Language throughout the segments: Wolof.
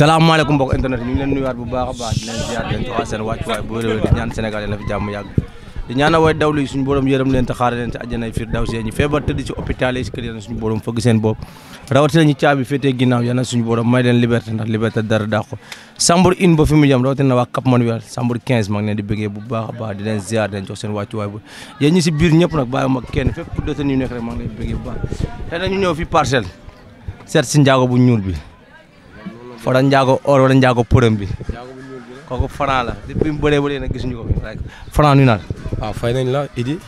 salaamaaleykum mbokk internet ñu ngi leen nuyuwaat bu baax a baax di leen ziar di leen joxaat seen wàccuwaay bu ñaan Sénégal yàlla na ñu feebar tëdd ci hôpital yi ci kër yàlla suñu borom fëgg seen bopp rawatina ñu caabi féetee ginnaaw yàlla suñu borom may leen liberté ndax liberté dara daa ko Sambour une mu jëm rawatina bu baax a baax di leen ziar di leen jox seen wàccuwaay bu yéen si biir ñëpp nag bàyyi ma kenn fépp ku dëtën yu nekk rek maa ngi bu baax te nañu ñëw fi parcelle seet si bu ñuul bi Fara Ndiago or wala Ndiago përëm bi kooku Fara la depuis mu bëree bëree gisuñu ko fi naa la. Ah, fay nañ la Idi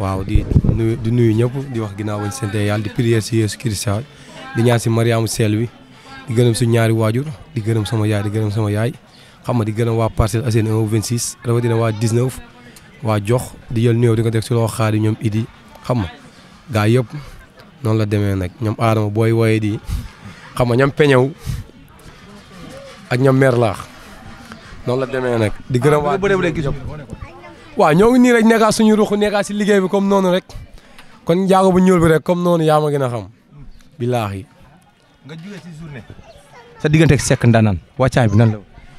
waaw di nuyu di nuyu ñëpp di wax ginnaaw bañ sant yàlla di prier si Yeesu Kirista di ñaan si Mariamu seel wi di gërëm suñu ñaari waajur di gërëm sama yaay di gërëm sama yaay xam nga di gërëm waa Parcelles Assainies 1 26 rawatina waa 19 waa jox di jël nuyoo di ko teg si loo xaar yi ñoom Idi xam nga gaa yëpp noonu la demee nag ñoom Adama booy woyee di xam nga ñoom peñew ak ñoom meer laax noonu la demee nag. di gërëm ah, waa waaw ñoo ngi nii rek nekkaa suñu ruq nekkaa si liggéey bi comme noonu rek kon jaago bu ñuul bi rek comme noonu yaa ma gën a xam billaahi. nga jógee si journée. sa diggante ak Seck Ndanaan wàccaay bi nan la.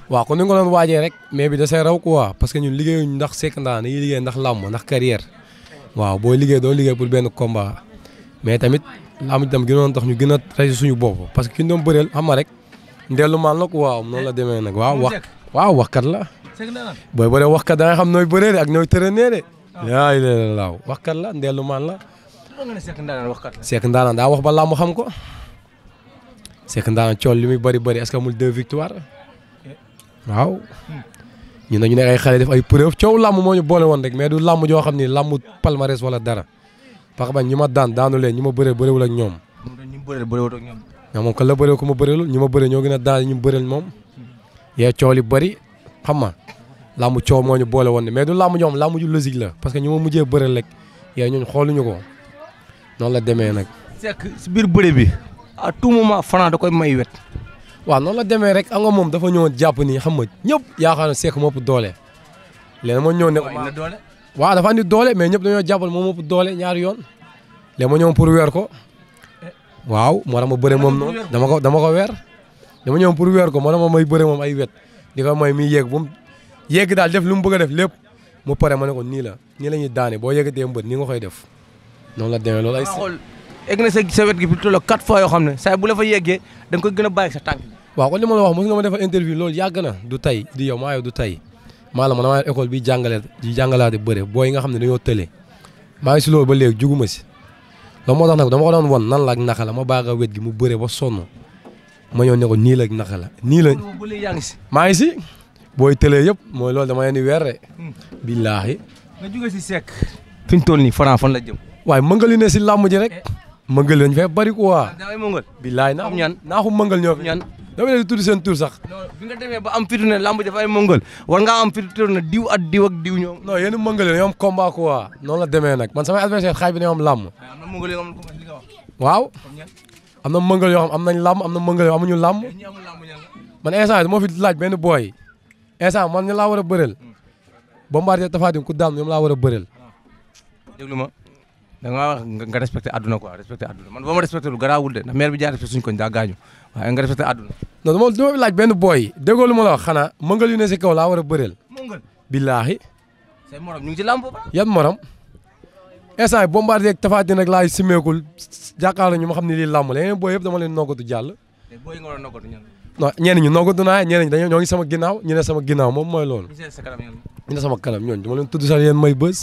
waaw kon ni nga ko doon waajee rek mais bi da see raw quoi parce que ñun liggéeyuñ ndax Seck Ndanaan ndax làmb ndax carrière waaw boo liggéey doo liggéey pour benn combat mais tamit làmb itam gënoon tax ñu gën a rey suñu bopp parce que ki ñu doon rek ndellu maan la waaw noonu la demee nag waaw wax waaw waxkat la booy bëree waxkat da nga xam nooy bëree de ak nooy tërënee de yaa ngi leen laaw la ndellu maan la Seck Ndaanaan daa wax ba làmb xam ko Seck Ndaanaan cool li muy bari bëri est-ce que amul deux victoires eh. waaw hmm. ñu ne ñu ne ay ay preuve coow làmb moo ñu boole woon rek mais du làmb joo xam ni làmb palmarès wala dara parce que man ñi ma daan daanu leen ñi ma bëree bëriwul ak ñoom. ñi ma bëree bëriwul ak ñoom. ndax moom kan la bëree ko ma bëreelul ñu ma bëree ñoo gën a ñu bëreel moom yee coow li bëri xam ma làmb coow moo ñu boole woon ne mais du làmb ñoom làmb ju logique la parce que ñu ma mujjee bëreel rek yee ñun xooluñu ko noonu la demee nag. Seck si biir bëre bi à tout moment Franc da koy may wet. waaw noonu la demee rek anga moom dafa ñëwoon jàpp nii xam nga ñëpp yaakaar na Seck moo ëpp doole léegi ma ñëw ne. waaw dafa andi doole mais ñëpp dañoo jàppal moom moo ëpp doole ñaari yoon léegi ma ñëw pour weer ko waaw moo tax ma bëre moom noonu dama ko dama ko weer dama ñëw pour weer ko moo tax ma may bëre moom ay wet di ko may mi yegg bu mu daal def lu mu bëgg a def lépp mu pare ma ne ko nii la nii la ñuy daane boo yeggatee mbët nii nga koy def noonu la demee loolu ay. egg na sa sa wet gi plutôt la quatre fois yoo xam ne saa bu la fa yeggee da nga koy gën a sa tànk. waaw kon li ma la wax mos nga ma defa interview loolu yàgg na du tey di yow maa yow du tey maa la ma damaa école bi jàngale di jàngalaate bëre boo yi nga xam ne dañoo tële maa ngi si loolu ba léegi juguma si loolu moo tax nag dama ko doon wan nan ak naka la ma baax a wet gi mu bëre ba sonn ma ñëw ne ko nii la ak la nii la. maa ngi si. booy tëlee yëpp mooy loolu dama leen di weer de. Hmm. billaahi. nga jóge si sec. fi ñu toll nii Franc fan la jëm. waaye mëngali ne si làmb ji rek. Eh. mëngali lañ fee bari quoi. Ah, billaay naaxu mëngal ñoo fi ñan. dama leen di tudd seen tur sax. non bi nga demee ba am fitu ne lamb dafa ay mongol war ngaa am fitu ne diw at diw ak diw ñoom. non yéen a la demee nag man samay adversaire xaaj bi ne moom lamb. am na mongol yoo xam ne li nga wax. waaw am na mongol yoo xam am nañ lamb am na mongol yoo amuñu lamb. man instant bi moo fi laaj benn booy instant man ñu laa war a bëreel. Hmm. Bombardier Tapha ku daan ñoom laa war a bëreel. Ah. ma da nga wax nga respecté àdduna quoi respecté àdduna man boo suñ koñ daa gaañu waaye nga respecté àdduna. non dama dama fi laaj benn booy yi déggoo ma la wax xanaa ne si kaw laa war a bëreel. mëngal billaahi. say morom ñu ngi ci làmb ba. yan morom instant yi bombardier ak Tapha Tine ak laay simeekul jàkkaarloo ñu ma xam ne lii làmb la yeneen booy dama leen noggatu jàll. léegi booy yi nga war a noggatu ñan. non ñu noggatu naa ñenn ñi dañoo ñoo ngi sama ginnaaw ñu ne sama ginnaaw moom mooy loolu. ñu ne sa kanam ñoom. ñu ne sama kanam ñooñu dama leen tudd sax may bës.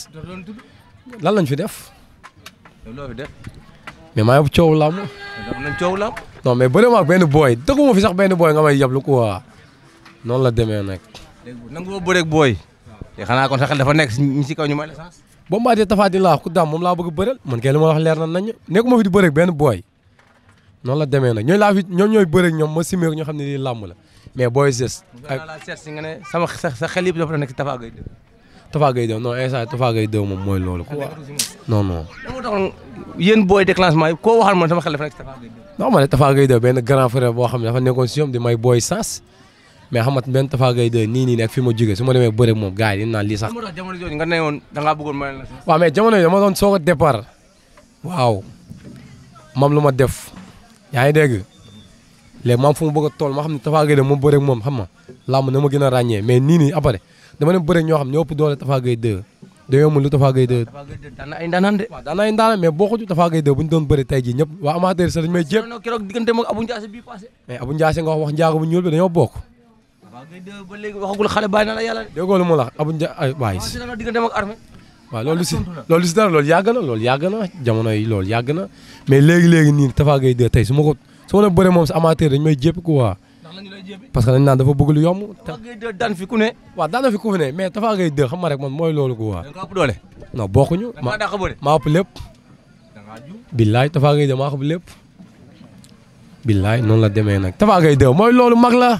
lan lañ fi def. loolu fi def. mais maa yóbbu coow làmb. am coow làmb. non mais bëri ma ak benn booy dëgguma fi sax benn booy nga may yablu quoi noonu la demee nag. dégg nga nangoo bëreeg booy. te xanaa kon sa dafa nekk si ñi si kaw ñu may la laa ku moom laa bëgg bëreel man kay li ma leer na nañ nekkuma fi di bëreeg benn booy noonu la demee nag ñooy laa fi ñoom ñooy bëreeg ñoom ma simé ñoo xam ne lii làmb la mais booy gis. ak nga ne sama sa xel yëpp dafa nekk si Tapha Gueye Tafa Gueye 2 non instant eh, Tafa Gueye 2 moom mooy loolu. quoi non non. dama taxoon yéen yi koo waxal man sama xel dafa nekk Tafa ma ne Tafa Gueye 2 benn grand frère boo xam ne dafa nekkoon si ñoom di may booy sens mais xamat benn Tafa Gueye 2 nii nii nekk fi ma jógee si ma demee bëre moom gars yi dinañ naan lii sax. jamono jooju ne woon da ngaa bëggoon may la. waaw mais jamono jooju dama doon a départ. mam lu ma def yaa ngi dégg léegi maam fu mu bëgg a toll ma xam ne Tafa Gueye 2 moom bëre moom xam nga làmb na gën a ràññee mais nii nii après dama leen bëre ñoo xam ñoo ëpp doole Tafa Gueye 2 dañoo mën lu Tafa Gueye 2 daan na ay ndaanaan de waaw daan na ay ndaanaan mais boo xooju Tafa Gueye 2 bu ñu doon may jéem loolu si loolu loolu yàgg na loolu yàgg na jamono yi loolu yàgg na mais léegi-léegi nii ko su ma la moom sa amateur dañu may jépp quoi parce que dañ naan dafa bëgg lu yomb. Tapha Gueye 2 daan fi ku ne. waaw daan na fi ku ne mais Tapha Gueye 2 xam nga rek man mooy loolu quoi. da nga maa ëpp lépp. da ngaa ju. billaay Tapha Gueye 2 maa ëpp lépp. billaay noonu la demee nag Tapha Gueye 2 mooy loolu mag la.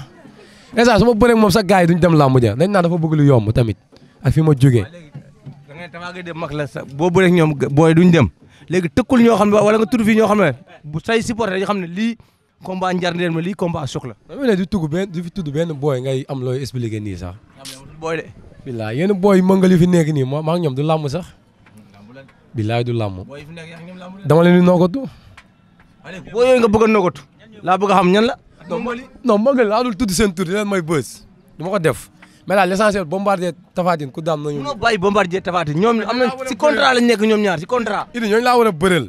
instant su ma bëree moom sax gars yi duñ dem làmb ja dañ naan dafa bëgg lu yomb tamit ak fi ma jógee. da ngay Tapha Gueye 2 mag la sax boo bëree ñoom booy duñ dem léegi tëkkul ñoo xam ne wala nga tur fi ñoo xam ne bu say supporter dañu xam ne lii combat njarndeen ma lii combat a la. dama ne di tudd benn di fi tudd benn booy ngay am looy expliqué nii sax. booy de. bilaay yéen booy mëngali fi nekk nii ma maa hmm, ngi ñoom du làmm sax. bilaay du làmm. dama leen di nokkatu. Ah, boo yooyu nga bëgg a nokkatu. laa bëgg a xam ñan la. non non mëngali laa dul tudd seen tur di may bës. du ma ko def. mais daal l' essentiel bombardier ku daam nañu. munoo bàyyi bombardier ñoom am si contrat lañ nekk ñoom ñaar si contrat. Idy ñooñu laa war a bëreel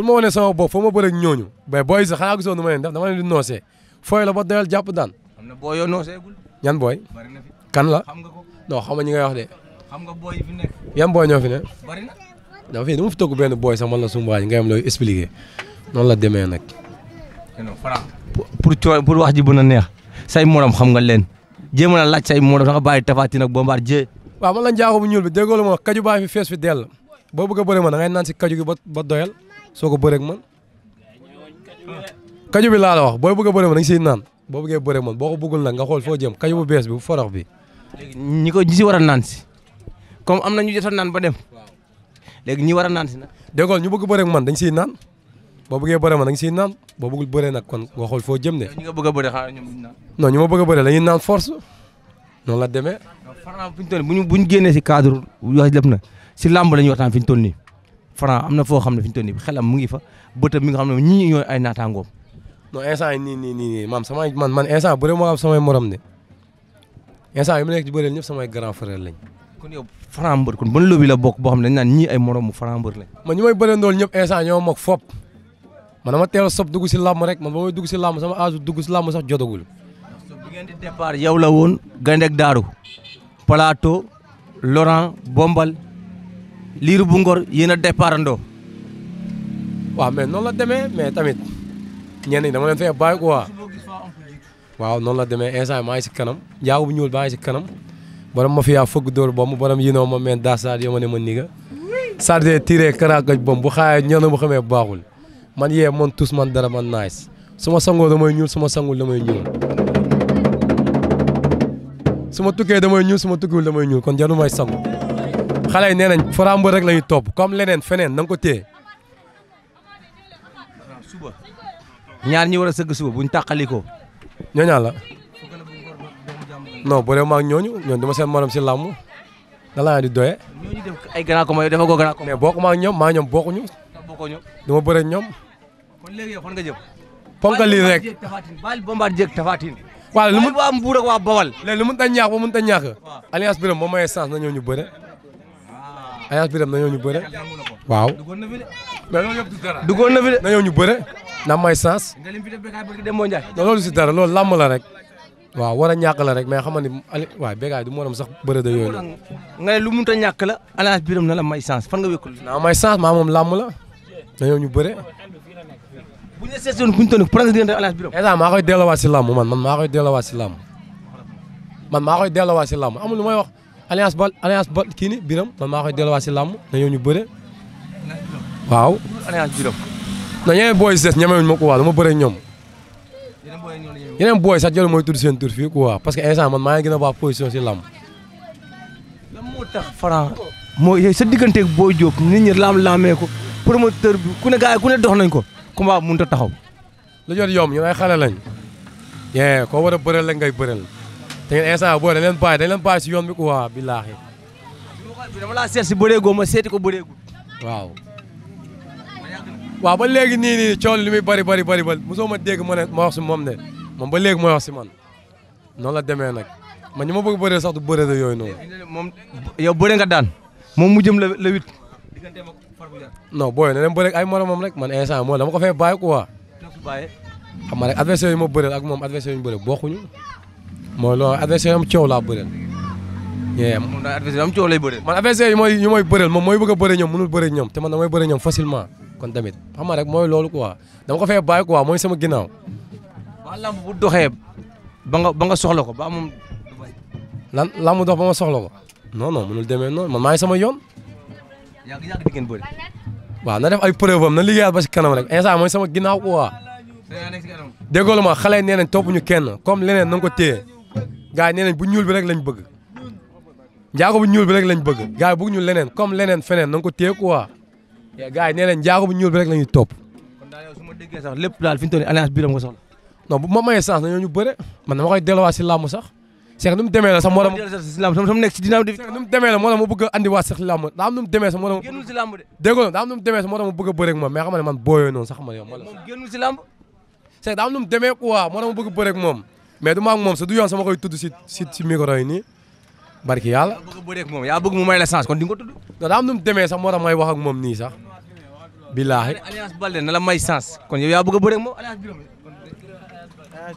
pour ma wane sama bopp foo ma bëreeg ñooñu mais booy sax xanaa gisoo nu ma leen def dama boo di noosee fooy la ba doyal jàpp daan. am na booy yoo nooseegul. ñan booy. bari na kan la. xam nga ko xam nga ñi ngay wax de. xam nga booy yi fi nekk. yan booy bari na. non fii dama fi togg benn booy sax man la sumbaay nga am looy expliqué noonu la demee nag. Eh non Franc pour cooy pour wax ji bu na neex say morom xam nga leen jéem a laaj say morom da nga bàyyi Tapha Tine ak Bombardier. la njaaxu bu ñuul bi déggoo la ma kaju baa fi fees fi dell boo bëgg a bëri ma da ngay naan si kaju gi ba doyal soo ko bëreeg man. kaju bi laa la wax booy bëgg a bëre man da nga siy naan boo bëggee bëre man boo ko bëggul nag nga xool foo jëm kaju bu bees bi bu farax bi. léegi ñi ko ñi si war a naan si comme am na ñu jot a naan ba dem léegi ñi war a naan si nag. déggoo ñu bëgg bëre man dañ siy naan boo bëggee bëre man da nga siy naan boo bëggul bëre nag kon nga xool foo jëm de. ñi nga bëgg a bëre xaaral ñoom duñ naan. non ñu ma bëgg a bëre dañuy naan force noonu la demee. waaw Franc fi ñu toll nii bu ñu bu ñu génnee si cadre wax lépp na si làmb la ñuy waxtaan fi ñu toll nii Franc am na foo xam ne fi ñu toll mu ngi fa bëtam mi nga xam ne ñii ñooy ay naataangoom. non instant yi nii nii nii maam samay man man instant bëre moo samay morom de instant yi mu nekk ci bëre ñëpp samay grand frère lañ. kon yow Franc mbër kon la bokk boo xam ne dañ naan ñii ay moromu Franc mbër lañ. man ñi may bëre ndool ñëpp instant ñoo mok fop man dama teel a sob dugg si làmb rek man ba may dugg si làmb sama âge dugg si làmb sax jotagul. bi ngeen di départ yow la woon Gaynde Daaru Plateau Laurent Bombal. liiru bu ngor yéen a départandoo. waaw mais noonu la demee mais tamit ñenn ñi dama leen fee bàyyi quoi waaw noonu la demee instant maa ngi si kanam njaago bu ñuul baa ngi si kanam borom ma fi yaa fëgg dóor bomb yi noo ma meen daa saat yo ma ne ma niga sarde tiré karaakaj bomb bu xaayee ñoo na bu xamee baaxul man yee man tous man dara man nice su ma sangoo damay ñuul su ma sangul damay ñuul su ma tukkee damay ñuul su ma tukkiwul damay ñuul kon jaru may sangu xale yi nee nañ Franc Mbeur rek la ñuy topp comme leneen feneen na ko téye. ñaar ñi war a sëgg suba buñ tàqali ko. ñooñu la. non boole ma ak ñooñu ñooñu dama seen morom si làmb. da laa di doye. ñooñu def ay grand combat yow ko grand combat. mais bokk ma ak ñoom maa ñoom bokkuñu. bokkuñu dama bëre ñoom. kon léegi yow fan nga jëm. ponk lii rek baal bombardier ak tafatin waaw lu mu waa mbuur ak waa bawal léegi lu mënut a ñaax ba mënut a ñaax alliance bi moom mooy essence na ñëw ñu bëre Alliance Birame nañoo ñu bëre. waaw. duggoon na fi de. nañoo ñu bëre. na may sens. non loolu si dara loolu làmb la rek. waaw war a ñàkk la rek mais xam nga ni Ali waaw Bégaay du morom sax bëre de yooyu la. nga ne lu mënut a ñàkk la Alliance Birame na la may sens fan nga wékkul. na may sens maa moom làmb la. nañoo ñu bëre. bu ñu la seet si woon bu ñu toll nii Alliance Birame. état maa koy delloowaat si man man maa koy delloowaat si làmb man maa koy delloowaat si làmb amul lu wax alliance ba alliance ba kii biram man maa koy delluwaat si làmb na ñëw ñu bëre waaw. alliance biram. na ñeneen booy si des ñemewuñ ma ko waaw dama bëre ñoom. yeneen booy sax jël mooy tudd seen tur fii quoi parce que instant man maa ngi gën a baax position si làmb. lan moo tax Franc mooy sa digganteeg Boy nit ñi laam-laamee ko promoteur bi ku ne gars ku ne dox nañ ko combat mënut a taxaw. lu jot yomb ñu ay xale yee koo war a bëreel la ngay bëreel. te ngeen instant boo dañ leen bàyyi dañ leen bàyyi si yoon bi billaahi. dama laa seet ma seeti ko bëreegul. waaw. waaw ba léegi nii nii coow li muy bari bari bari ba mosoo ma ma ne ma wax moom ne moom ba léegi ma wax man noonu la demee nag man ñi ma bëgg bëree sax du bëree la yooyu noonu. moom yow nga daan moom mu jëm la la huit. non booy na dem bëre ay moromam rek man instant moo dama ko fee bàyyi quoi. xam nga rek adversaire yi ma bëreel ak moom adversaire yi ñu mooy loolu adversaire am coow laa bëreel. moom daal adversaire am coow lay bëreel. man adversaire yi mooy ñu mooy moom mooy bëgg a bëre ñoom mënul bëre ñoom te man damay bëre facilement kon tamit xam nga rek mooy loolu quoi dama ko fee bàyyi quoi mooy sama ginnaaw. waa lamb bu doxee ba nga ba nga soxla ko ba moom. lan lamb dox ba ma soxla ko. non mënul demee noonu man maay sama yoon. yaa ngi yàgg di ngeen na def ay preuve am na liggéeyaat ba rek instant mooy sama ginnaaw quoi. déggoo ma xale yi nee nañ topp ñu kenn comme leneen na nga ko téye gars yi nee nañ bu ñuul bi rek lañ bëgg njaago bu ñuul bi rek lañ bëgg gars yi bëgg ñu leneen comme leneen feneen na nga ko téye quoi gars yi nee nañ bu ñuul bi rek la ñuy topp su ma déggee sax lépp daal fi ñu toll nii alliance biiram ma mayee chance nañoo sax Cheikh nu demee la sax moo dama nekk si dinaaw di Cheikh nu demee a andiwaat sax làmb daa am nu mu demee sax moo dama génnul si làmb de déggoo daa am nu mu demee sax moo dama a bëre ak moom mais xam nga ne man booyoo noonu mu demee quoi moo dama bëgg a moom mais du ma ak moom sax du yoon sama koy tudd si si si micro yi nii barki yàlla. yaa bëgg mu may la chance kon di du ko tudd. daa am nu mu demee sax moo tax may wax ak moom nii sax. na la may chance kon yow yaa bëgg a daam ak moom alliance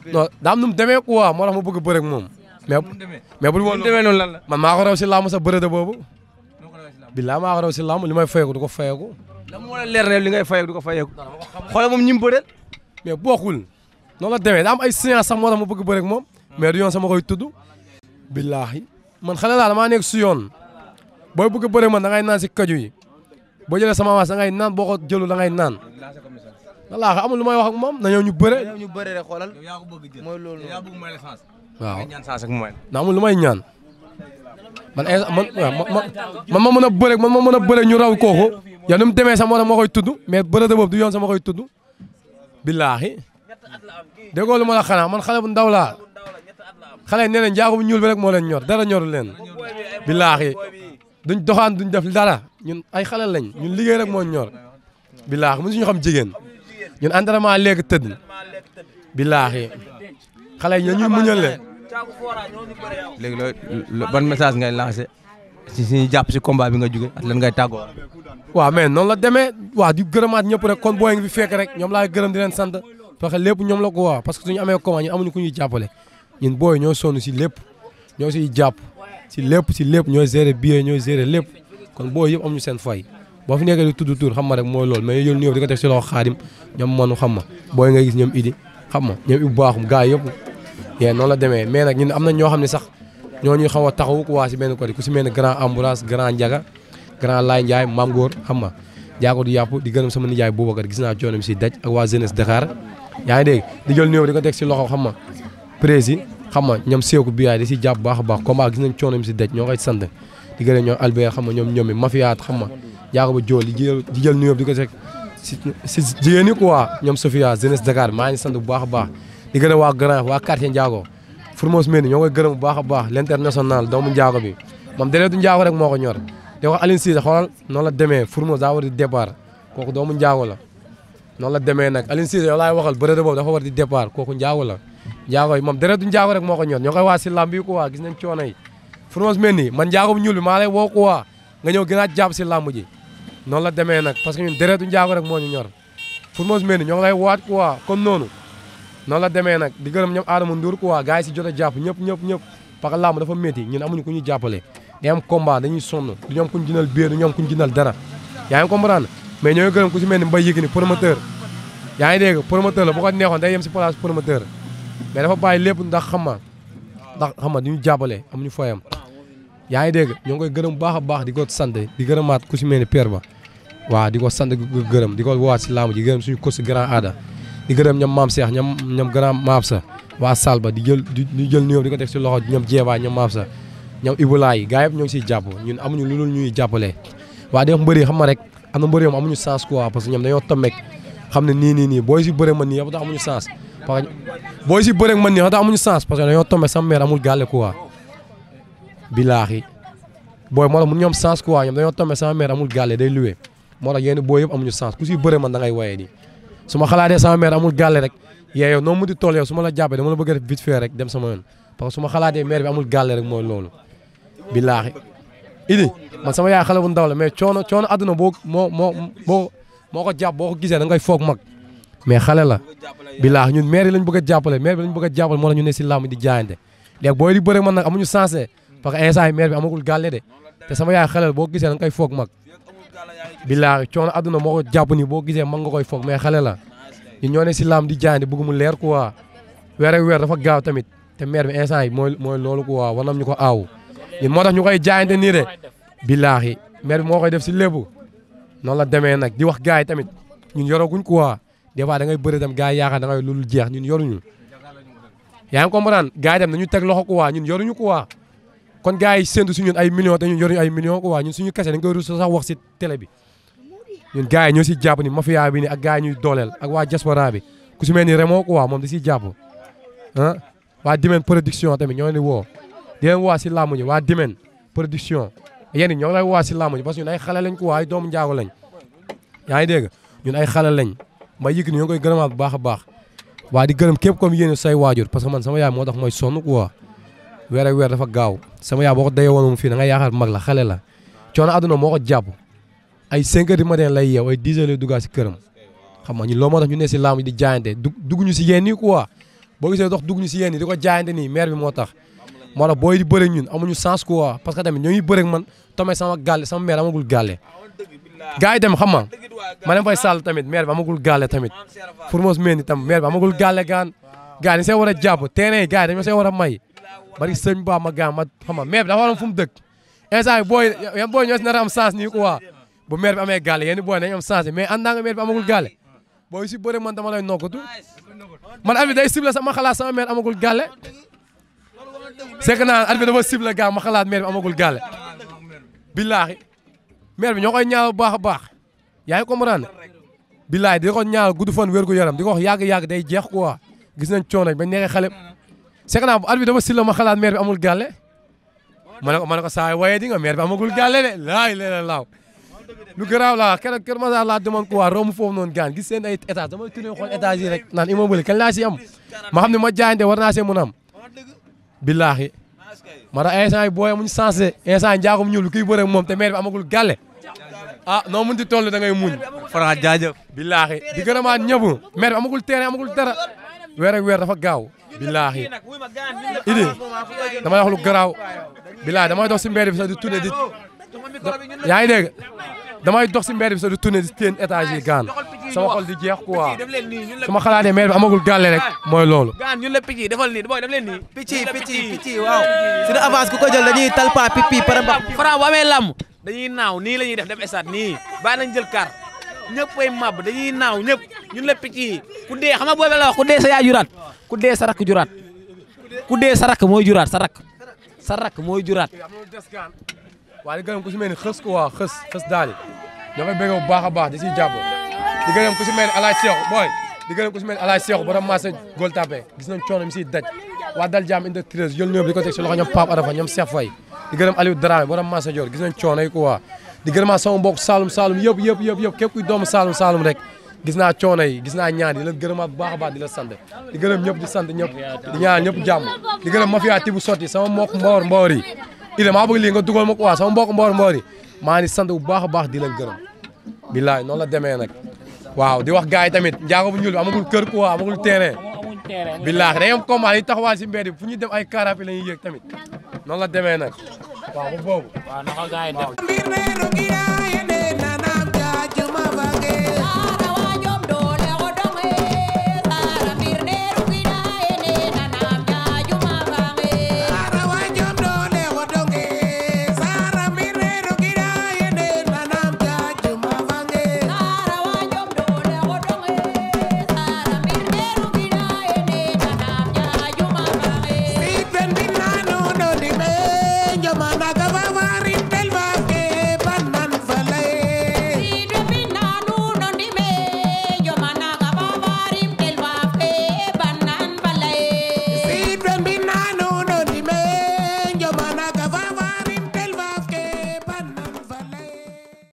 Birame. non daa am nu mu demee quoi moo ma bëgg a bëre ak moom. mais mais bu ñu demee noonu lan la. man maa ko raw si laamu sa bërëda boobu. bilaa maa ko raw si laamu li may fayeeku du ko fayeeku. la leer ne li ngay fayeeku du ko fayeeku. xoolal moom ñi mu bëreel. mais bokkul. noonu la demee daa ay séance sax moo tax ma bëgg bëre moom ah. mais du yoon koy tudd billaahi man xale laa damaa nekk su yoon booy bëgg bëre man da ngay naan si kaju yi boo jëlee sama waas da ngay naan boo ko jëlu da ngay naan wallaahi amul lu may wax ak moom na ñëw ñu bëre ñu bëre rek xoolal mooy loolu waaw na amul lu may ñaan man man man ma mën a bëre man ma mën a bëre ñu raw kooku yow ni mu demee sax moo koy tudd mais bëre boobu du yoon sama koy tudd billaahi déggoo lu ma la xanaa man xale bu ndaw laa xale yi nee nañ njaaxum ñuul bi rek moo leen ñor dara ñorul leen billaahi duñ doxaan duñ def dara ñun ay xale lañ ñun liggéey rek moo ñor billaahi mun suñu xam jigéen ñun entraînement léegi tëdd billaahi xale yi ñuy muñal leen léegi loolu ban message ngay lancé si si jàpp si combat bi nga jóge ak lan ngay tàggoo waaw mais noonu la demee waaw di gërëmaat ñëpp rek kon booy ngi fi fekk rek ñoom laa gërëm di leen sant parce que lépp ñoom la ko waa parce que suñu amee comment ñu amuñu ku ñuy jàppale ñun booy ñoo sonn si lépp ñoo siy jàpp si lépp si lépp ñoo gérer billet ñoo gérer lépp kon booy yëpp amuñu seen fay boo fi nekkee di tudd tur xam ma rek mooy loolu mais yow nuyoo di ko def si loxo xam ma booy gis ñoom idi xam ma ñoom ibu baaxum gars yëpp yee noonu la demee mais nag ñun am na ñoo xam ne sax ñoo ñuy xaw a taxawu ku waa si benn côté ku si mel ne grand ambourage grand njaga grand laay njaay maam góor xam ma jaago du yàpp di gërëm sama nijaay boobu gis naa coono si daj ak waa jeunesse Dakar yaa ngi dégg di jël nuyoo di ko teg si loxo xam ma prési xam ma ñoom seeku biyaay di si jàpp baax a baax combat gis nañ coono mi si daj ñoo koy sant di gërëm ñoom Albert xam ma ñoom ñoom mi mafiyaat xam ma Yaakuba Jool di jël di jël nuyoo di ko teg si si jigéen ñi quoi ñoom Sofia jeunesse Dakar maa ngi sant bu baax a baax di gërëm waa Grand waa quartier Ndiago Formose Mendy ñoo koy gërëm bu baax a baax l'international doomu Ndiago bi moom dereetu Ndiago rek moo ko ñor te wax Aline Cissé xoolal noonu la demee Formose daa kooku doomu Ndiago la noonu la demee nag Alioune Cissé yow laay waxal bëre boobu dafa war di départ kooku njaago la njaago yi moom deretu njaago rek ñor ñoo waa si làmb gis nañ coono yi man njaago bu maa lay woo quoi nga ñëw gën a jàpp si la demee nag parce que ñun deretu njaago rek moo ñu ñor France mel ni ñoo ngi lay waat quoi comme noonu noonu la demee nag di gërëm ñoom Adama Ndour quoi gars si jot a jàpp ñëpp ñëpp ñëpp parce que làmb dafa métti ñun ñu jàppale day am combat dañuy sonn du ñoom kuñ jëndal biir du ñoom yaa ngi dégg promoteur la bu ko neexoon day yem si place promoteur mais dafa bàyyi lépp ndax xam ma ndax xam ma ñu jàppale amuñu fooyam yaa ngi dégg ñoo ngi koy gërëm baax a baax di ko sant di gërëmaat ku si mel ni père ba waaw di ko sant gërëm di ko waat si laamu ji gërëm suñu ko si grand aada di gërëm ñoom maam Cheikh ñoom ñoom grand maam sa waa Salba di jël di jël nuyoo di ko teg si loxo ñoom Jeeba ñoom maam sa ñoom Ibulaay yi gars yëpp ñoo ngi siy jàpp ñun amuñu lu dul ñuy jàppale waa di wax mbëri xam ma rek am na mbëri yoom amuñu chance quoi parce que ñoom xam ne nii nii nii booy si bëre man nii yow tax amuñu chance parce nii yow tax amuñu chance parce que dañoo tombé sama mère amul gàlle quoi bilaahi booy moo tax mun ñoom chance quoi ñoom dañoo tombé sama mère amul gàlle day luwee moo tax yenn booy yëpp amuñu chance ku si bëre man da ngay waye nii su ma xalaatee sama mère amul gàlle rek yee yow noo mu di toll yow su ma la jàppee dama la bëgg a dem sama yoon parce que su bi amul gàlle rek mooy loolu bilaahi idi man sama yaay xale bu ndaw la mais boo moo moo boo ko jàpp boo ko gisee da ngay foog mag mais xale la bilaa ñun meer lañ bëgg a jàppale maire bi lañ bëgg a jàppale moo tax ñu ne si làmb di jaayante léegi booy di bëre man nag amuñu sensé eh. parce que instant yi maire bi amagul gàlle de te sama yaay xale la boo ko gisee da nga koy foog mag bilaa coono àdduna moo ko jàpp nii boo ko gisee mag koy foog mais xale la ñun ñoo ne si làmb di jaayante bëgg mu leer ko weer ak weer dafa gaaw tamit te maire bi instant yi mooy mooy loolu quoi war nam ñu ko aaw ñun moo tax ñu koy jaayante nii de bilaahi maire moo koy def si lépp noonu la deme nag di wax gars yi tamit ñun yoraguñ quoi des fois da ngay bëri tam gars yi yaakaar da ngay loolu jeex ñun yoruñu yaa ngi comprendre gars yi tam nañu teg loxo quoi ñun yoruñu quoi kon gars yi séntu si ñun ay millions te ñun yoruñu ay million quoi ñun suñu kese dañ koy rus sax wax si télé bi ñun gars yi ñoo si jàpp ni mafia bi ni ak gars yi ñuy dooleel ak waa diaspora bi ku si mel ni Remo quoi moom da siy jàpp ah waa Dimen production tamit ñoo leen woo di leen si làmb ji waa Dimen production yéen it ñoo ngi lay woo si làmb ji parce que ñun ay ko waaye doomu njaago lañ yaa ngi dégg ñun ay lañ ma yëg ñoo koy gërëmaat bu baax a baax waa di gërëm képp comme yéen say waajur parce que man sama yaay moo tax mooy sonn quoi weer gaaw sama yaay boo ko dayee woon fii da nga yaakaar mag la xale la coono àdduna moo ko jàpp ay 5 heures lay yeew ay 10 heures si këram xam nga ñun loolu ñu ne si làmb di jaayante dugg ñu si yéen nii quoi boo gisee dox dugg ñu si yéen nii di ko jaayante nii maire bi moo tax moo tax booy di bëre ñun amuñu sens quoi parce que tamit ñoo ngi bëre man tamit sama gàlle sama mère amagul gàlle gars yi tamit xam ma ma tamit mère bi amagul gàlle tamit pour mos meen ni tam gaan gars yi dañ see war a jàpp terrain yi gars yi dañu see a may bari sëñ ba ma gaa ma xam ma mère bi dafa waroon fu mu dëkk instant bi booy yan booy ñoo si a nii quoi bu mère bi amee gàlle yéen booy nañ am sens mais en tant que mère bi amagul gàlle booy si bëre man dama lay nokkatu man sekk naa at bi dafa ciblé la ma xalaat maire bi amagul gàlle billaahi maire bi ñoo koy ñaaw baax a baax yaa ngi comprendre billaahi di ko ñaaw gudd fan wér gu yaram di ko wax yàgg-yàgg day jeex gis nañ coono ba nekkee xale sekk naa bu at bi dafa ciblé ma xalaat maire bi amul gàlle ma ne ko ma ko saa waye di nga maire bi amagul gàlle de laay leen laaw lu garaaw laa keroog kër Masaar laa demoon ku waa romb foofu noonu gaan gis seen ay étage dama ma xam ne ma jaayante war naa see mun am billaahi ma tax instant yi booy amuñ sensé instant njaagum ñuul kuy bëre moom te maire bi amagul gàlle a ah, noo mun ti toll da ngay muñ Franc jaajëf billaahi di gërëmaat ñëpp maire bi amagul terrain amagul dara weer ak weer dafa gaaw billaahi idi damay da lu garaaw billaahi damay dox si mbedd bi sax di tourné di yaa ngi dégg damay dox si mbedd bi sax di tourné di téen étage yi gaan sama xol di jeex quoi su ma xalaatee mbedd bi amagul gàlle rek mooy loolu. gaan ñun la picc yi defal nii booy daf leen nii. picc yi picc yi picc yi waaw. suñu avance ku ko jël dañuy talpa pipi paramba. Franc bu amee làmb dañuy naaw nii la ñuy def dem stade nii baa nañ jël kar ñëp ay màbb dañuy naaw ñëpp ñun la picc yi ku dee xam nga boobu la wax ku dee sa yaay juraat ku dee sa rakk juraat ku dee sa rakk mooy juraat sa rakk sa rakk mooy juraat waaye di gërëm ku si mel ni xës ku waa xës xës ñoo koy bëgg bu baax a baax di siy jàpp di gërëm ku si mel ni alaaj Seexu booy di gërëm ku si mel ni alaaj Seexu borom marché Gueule Tapée gis nañ coono mi siy daj waa dal jaam indi treize jël nuyoo bi di ko teg si loxo ñoom Pape Arafa di gërëm Aliou Dramé borom marché Dior gis nañ coono yi quoi di gërëmaa sama mbokk Saloum Saloum yëpp rek gis naa coono yi gis naa ñaan yi leen gërëmaat bu baax a baax di la sant di gërëm ñëpp di sant ñëpp di ñaan ñëpp jàmm di gërëm mafia tibu sotti sama mbokk mboor mboor Idda maa bëgg lii nga dugal maa ngi sant bu baax a baax di leen gërëm billaay noonu la demee nag waaw di wax gars yi tamit njaago bu ñuul bi amagul kër quoi amagul terrain billaay dañoo am combat yi taxawaal si fu ñuy dem ay carap la ñuy yëg tamit noonu la demee nag waaw bu boobu waaw naka gars